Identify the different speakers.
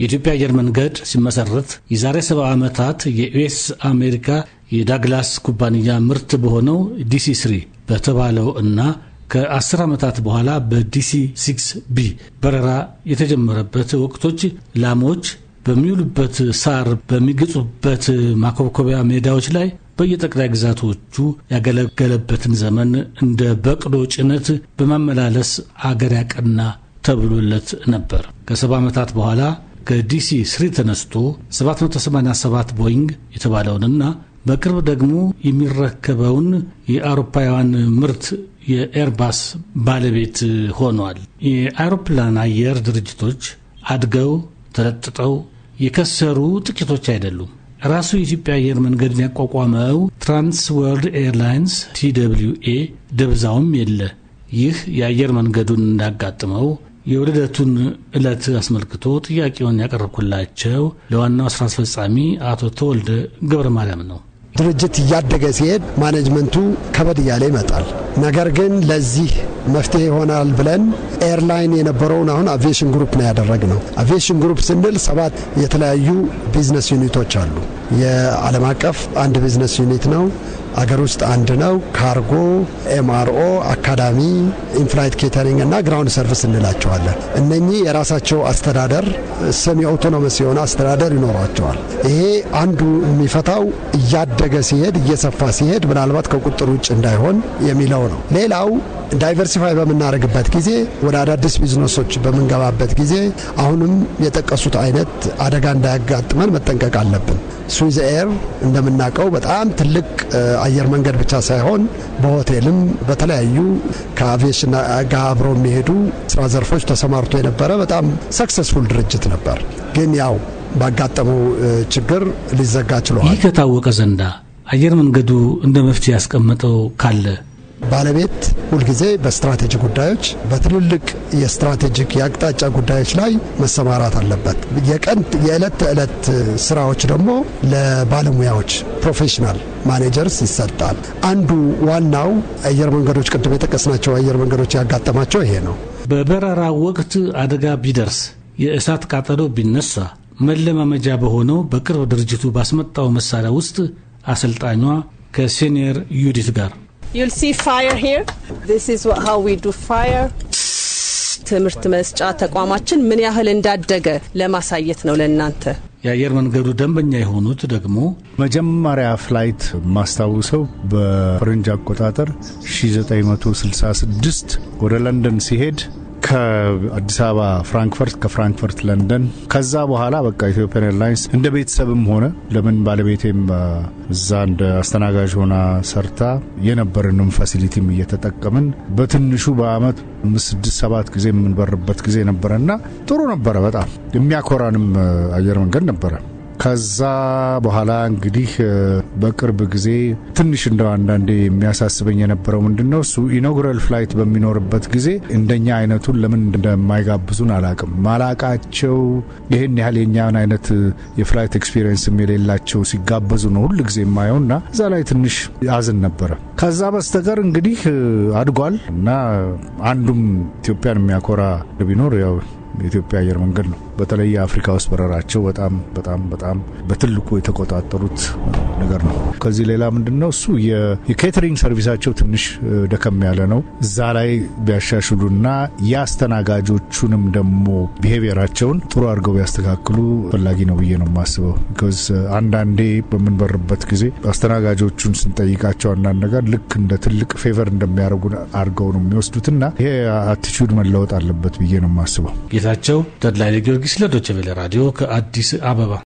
Speaker 1: የኢትዮጵያ አየር መንገድ ሲመሰረት የዛሬ ሰባ ዓመታት የዩኤስ አሜሪካ የዳግላስ ኩባንያ ምርት በሆነው ዲሲ ስሪ በተባለው እና ከአስር ዓመታት በኋላ በዲሲ ሲክስ ቢ በረራ የተጀመረበት ወቅቶች ላሞች በሚውሉበት ሳር በሚገጹበት ማኮብኮቢያ ሜዳዎች ላይ በየጠቅላይ ግዛቶቹ ያገለገለበትን ዘመን እንደ በቅዶ ጭነት በማመላለስ አገር ያቀና ተብሎለት ነበር። ከሰባ ዓመታት በኋላ ከዲሲ ስሪ ተነስቶ 787 ቦይንግ የተባለውንና በቅርብ ደግሞ የሚረከበውን የአውሮፓውያን ምርት የኤርባስ ባለቤት ሆኗል። የአውሮፕላን አየር ድርጅቶች አድገው ተለጥጠው የከሰሩ ጥቂቶች አይደሉም። ራሱ የኢትዮጵያ አየር መንገድን ያቋቋመው ትራንስ ወርልድ ኤርላይንስ ቲደብሊው ኤ ደብዛውም የለ። ይህ የአየር መንገዱን እንዳጋጥመው የውልደቱን ዕለት አስመልክቶ ጥያቄውን ያቀረብኩላቸው ለዋናው ስራ አስፈጻሚ አቶ ተወልደ ገብረ ማርያም ነው።
Speaker 2: ድርጅት እያደገ ሲሄድ ማኔጅመንቱ ከበድ እያለ ይመጣል። ነገር ግን ለዚህ መፍትሄ ይሆናል ብለን ኤርላይን የነበረውን አሁን አቪዬሽን ግሩፕ ነው ያደረግ ነው። አቪዬሽን ግሩፕ ስንል ሰባት የተለያዩ ቢዝነስ ዩኒቶች አሉ። የዓለም አቀፍ አንድ ቢዝነስ ዩኒት ነው። አገር ውስጥ አንድ ነው። ካርጎ፣ ኤምአርኦ፣ አካዳሚ፣ ኢንፍላይት ኬተሪንግ እና ግራውንድ ሰርቪስ እንላቸዋለን። እነኚህ የራሳቸው አስተዳደር ሰሚ አውቶኖመስ የሆነ አስተዳደር ይኖሯቸዋል። ይሄ አንዱ የሚፈታው እያደ እያደገ ሲሄድ እየሰፋ ሲሄድ ምናልባት ከቁጥር ውጭ እንዳይሆን የሚለው ነው። ሌላው ዳይቨርሲፋይ በምናደርግበት ጊዜ ወደ አዳዲስ ቢዝነሶች በምንገባበት ጊዜ አሁንም የጠቀሱት አይነት አደጋ እንዳያጋጥመን መጠንቀቅ አለብን። ስዊዝ ኤር እንደምናውቀው በጣም ትልቅ አየር መንገድ ብቻ ሳይሆን በሆቴልም በተለያዩ ከአቪዬሽን ጋር አብረው የሚሄዱ ስራ ዘርፎች ተሰማርቶ የነበረ በጣም ሰክሰስፉል ድርጅት ነበር። ግን ያው ባጋጠመው ችግር ሊዘጋ ችሏል። ይህ ከታወቀ ዘንዳ አየር መንገዱ እንደ መፍትሄ ያስቀመጠው ካለ ባለቤት ሁልጊዜ በስትራቴጂ ጉዳዮች በትልልቅ የስትራቴጂክ የአቅጣጫ ጉዳዮች ላይ መሰማራት አለበት። የቀን የዕለት ተዕለት ስራዎች ደግሞ ለባለሙያዎች ፕሮፌሽናል ማኔጀርስ ይሰጣል። አንዱ ዋናው አየር መንገዶች ቅድም የጠቀስናቸው አየር መንገዶች ያጋጠማቸው ይሄ ነው።
Speaker 1: በበረራ ወቅት አደጋ ቢደርስ፣ የእሳት ቃጠሎ ቢነሳ መለማመጃ በሆነው በቅርብ ድርጅቱ ባስመጣው መሳሪያ ውስጥ አሰልጣኟ ከሴኒየር ዩዲት ጋር
Speaker 2: ትምህርት መስጫ ተቋማችን ምን ያህል እንዳደገ ለማሳየት ነው ለእናንተ።
Speaker 3: የአየር መንገዱ ደንበኛ የሆኑት ደግሞ መጀመሪያ ፍላይት ማስታውሰው በፈረንጅ አቆጣጠር 1966 ወደ ለንደን ሲሄድ ከአዲስ አበባ ፍራንክፈርት፣ ከፍራንክፈርት ለንደን። ከዛ በኋላ በቃ ኢትዮጵያን ኤርላይንስ እንደ ቤተሰብም ሆነ ለምን ባለቤቴም እዛ እንደ አስተናጋጅ ሆና ሰርታ የነበርንም ፋሲሊቲም እየተጠቀምን በትንሹ በአመት ስድስት ሰባት ጊዜ የምንበርበት ጊዜ ነበረና ጥሩ ነበረ። በጣም የሚያኮራንም አየር መንገድ ነበረ። ከዛ በኋላ እንግዲህ በቅርብ ጊዜ ትንሽ እንደው አንዳንዴ የሚያሳስበኝ የነበረው ምንድን ነው እሱ ኢኖግራል ፍላይት በሚኖርበት ጊዜ እንደኛ አይነቱን ለምን እንደማይጋብዙን አላቅም። ማላቃቸው ይህን ያህል የኛን አይነት የፍላይት ኤክስፒሪየንስም የሌላቸው ሲጋበዙ ነው ሁል ጊዜ የማየው እና እዛ ላይ ትንሽ አዝን ነበረ። ከዛ በስተቀር እንግዲህ አድጓል እና አንዱም ኢትዮጵያን የሚያኮራ ቢኖር ያው የኢትዮጵያ አየር መንገድ ነው። በተለይ አፍሪካ ውስጥ በረራቸው በጣም በጣም በጣም በትልቁ የተቆጣጠሩት ነገር ነው። ከዚህ ሌላ ምንድን ነው እሱ የኬተሪንግ ሰርቪሳቸው ትንሽ ደከም ያለ ነው። እዛ ላይ ቢያሻሽሉና የአስተናጋጆቹንም ደግሞ ቢሄቪየራቸውን ጥሩ አድርገው ቢያስተካክሉ ፈላጊ ነው ብዬ ነው የማስበው። ቢኮዝ አንዳንዴ በምንበርበት ጊዜ አስተናጋጆቹን ስንጠይቃቸው አንዳንድ ነገር ልክ እንደ ትልቅ ፌቨር እንደሚያደርጉ አድርገው ነው የሚወስዱትና ይሄ አቲቱድ መለወጥ አለበት ብዬ ነው የማስበው።
Speaker 1: ጌታቸው ተድላይ ለጊዮርጊስ ጊዮርጊስ ለዶቸቬለ ራዲዮ ከአዲስ አበባ